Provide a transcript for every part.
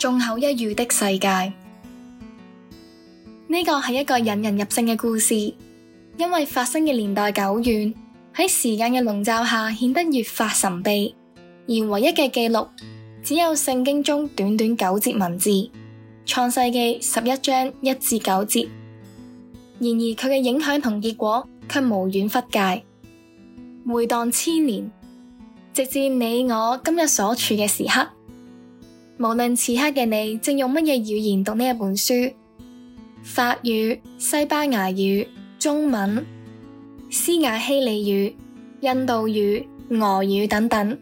眾口一語的世界，呢個係一個引人入勝嘅故事。因為發生嘅年代久遠，喺時間嘅籠罩下，顯得越發神秘。而唯一嘅記錄，只有聖經中短短九節文字，《創世記》十一章一至九節。然而，佢嘅影響同結果卻無遠弗屆，回蕩千年，直至你我今日所處嘅時刻。無論此刻嘅你正用乜嘢語言讀呢一本書，法語、西班牙語、中文、斯瓦希里語、印度語、俄語等等，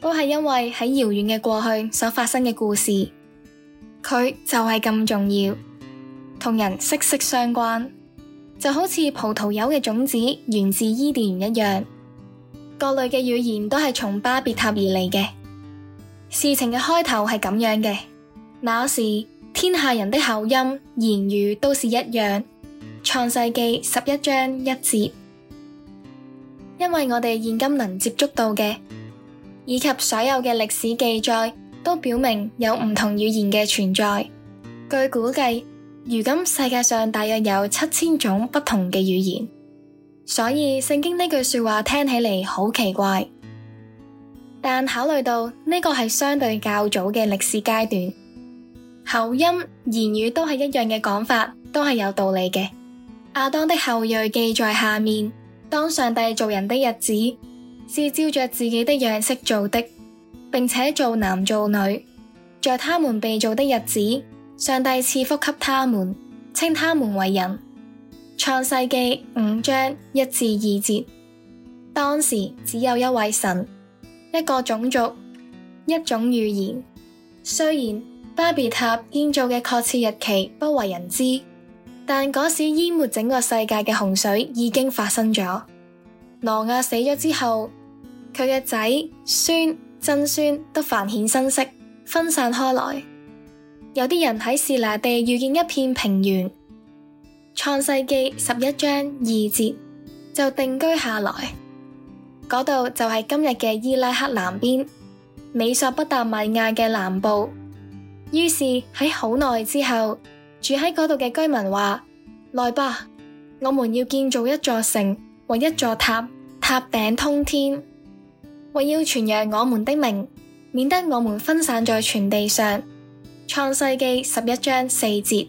都係因為喺遙遠嘅過去所發生嘅故事，佢就係咁重要，同人息息相關，就好似葡萄柚嘅種子源自伊甸園一樣，各類嘅語言都係從巴別塔而嚟嘅。事情嘅開頭係咁樣嘅，那時天下人的口音言語都是一樣。創世記十一章一節。因為我哋現今能接觸到嘅，以及所有嘅歷史記載，都表明有唔同語言嘅存在。據估計，如今世界上大約有七千種不同嘅語言，所以聖經呢句說話聽起嚟好奇怪。但考慮到呢、這個係相對較早嘅歷史階段，口音、言語都係一樣嘅講法，都係有道理嘅。亞當的後裔記在下面。當上帝造人的日子，是照着自己的樣式造的，並且造男造女。在他們被造的日子，上帝賜福給他們，稱他們為人。創世記五章一至二節。當時只有一位神。一個種族，一種語言。雖然巴比塔建造嘅確切日期不為人知，但嗰時淹沒整個世界嘅洪水已經發生咗。挪亞死咗之後，佢嘅仔、孫、曾孫都繁衍生息，分散開來。有啲人喺士拿地遇見一片平原，創世記十一章二節就定居下來。嗰度就係今日嘅伊拉克南邊，美索不達米亞嘅南部。於是喺好耐之後，住喺嗰度嘅居民話：來吧，我們要建造一座城和一座塔，塔頂通天，為要傳揚我們的名，免得我們分散在全地上。創世紀十一章四節，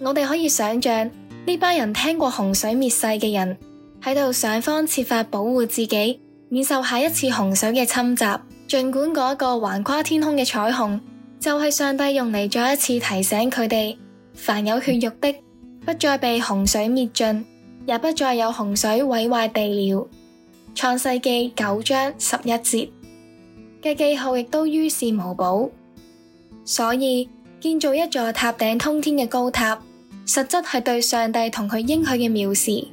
我哋可以想象呢班人聽過洪水滅世嘅人。喺度想方設法保護自己，免受下一次洪水嘅侵襲。儘管嗰個橫跨天空嘅彩虹，就係上帝用嚟再一次提醒佢哋，凡有血肉的，不再被洪水滅盡，也不再有洪水毀壞地了。創世記九章十一節嘅記號亦都於事無補，所以建造一座塔頂通天嘅高塔，實質係對上帝同佢應許嘅藐視。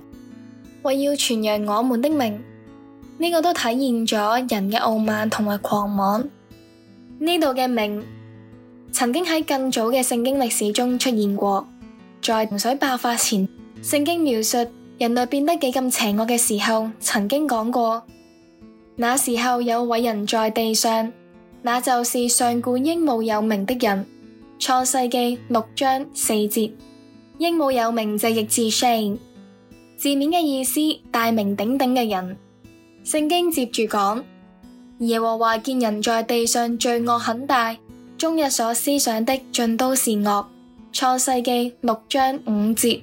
為要傳揚我們的名，呢、這個都體現咗人嘅傲慢同埋狂妄。呢度嘅名曾經喺更早嘅聖經歷史中出現過，在洪水爆發前，聖經描述人類變得幾咁邪惡嘅時候，曾經講過，那時候有偉人在地上，那就是上古英武有名的人。創世紀六章四節，英武有名就譯自 s 字面嘅意思，大名鼎鼎嘅人。聖經接住講，耶和華見人在地上罪惡很大，終日所思想的盡都是惡。創世紀六章五節，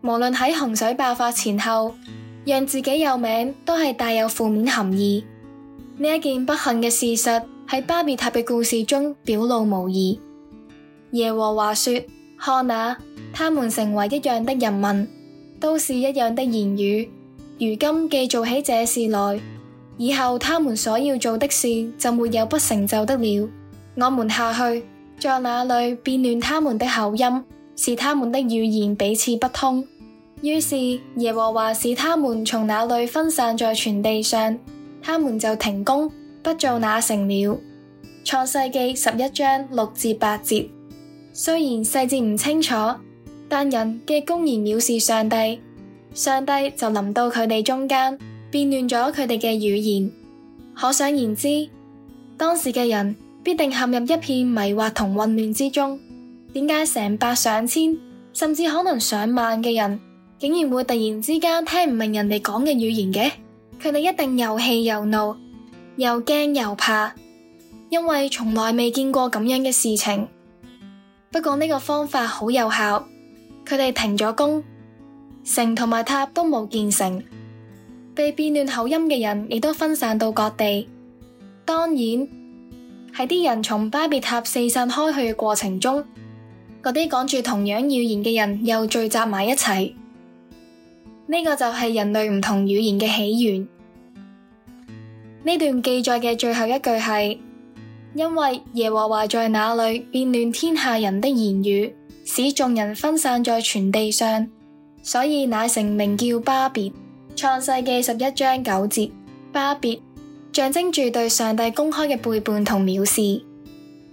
無論喺洪水爆發前後，讓自己有名都係帶有負面含義。呢一件不幸嘅事實喺巴比塔嘅故事中表露無遺。耶和華說：看啊，他們成為一樣的人民。都是一樣的言語，如今既做起這事來，以後他們所要做的事就沒有不成就的了。我們下去在那裡變亂他們的口音，使他們的語言彼此不通。於是耶和華使他們從那裡分散在全地上，他們就停工不做那城了。創世記十一章六至八節，雖然細節唔清楚。但人嘅公然藐視上帝，上帝就臨到佢哋中間，變亂咗佢哋嘅語言。可想而知，當時嘅人必定陷入一片迷惑同混亂之中。點解成百上千，甚至可能上萬嘅人，竟然會突然之間聽唔明人哋講嘅語言嘅？佢哋一定又氣又怒，又驚又怕，因為從來未見過咁樣嘅事情。不過呢個方法好有效。佢哋停咗工，城同埋塔都冇建成，被變亂口音嘅人亦都分散到各地。當然，喺啲人從巴別塔四散開去嘅過程中，嗰啲講住同樣語言嘅人又聚集埋一齊。呢、這個就係人類唔同語言嘅起源。呢段記載嘅最後一句係：因為耶和華在那裡變亂天下人的言語。使眾人分散在全地上，所以乃成名叫巴別。創世記十一章九節。巴別象徵住對上帝公開嘅背叛同藐視。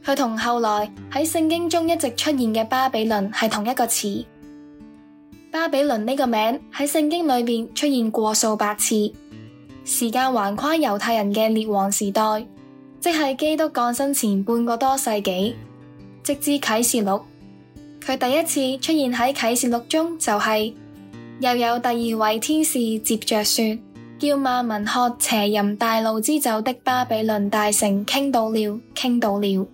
佢同後來喺聖經中一直出現嘅巴比倫係同一個詞。巴比倫呢個名喺聖經裏面出現過數百次，時間橫跨猶太人嘅列王時代，即係基督降生前半個多世紀，直至啟示錄。佢第一次出現喺啟示錄中就係、是，又有第二位天使接着說，叫萬民喝邪淫大怒之酒的巴比倫大城傾倒了，傾倒了。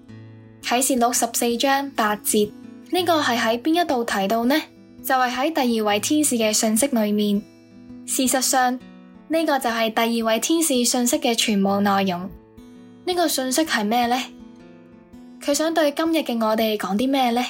啟示錄十四章八節呢、這個係喺邊一度提到呢？就係、是、喺第二位天使嘅信息裏面。事實上呢、這個就係第二位天使信息嘅全部內容。呢、這個信息係咩呢？佢想對今日嘅我哋講啲咩呢？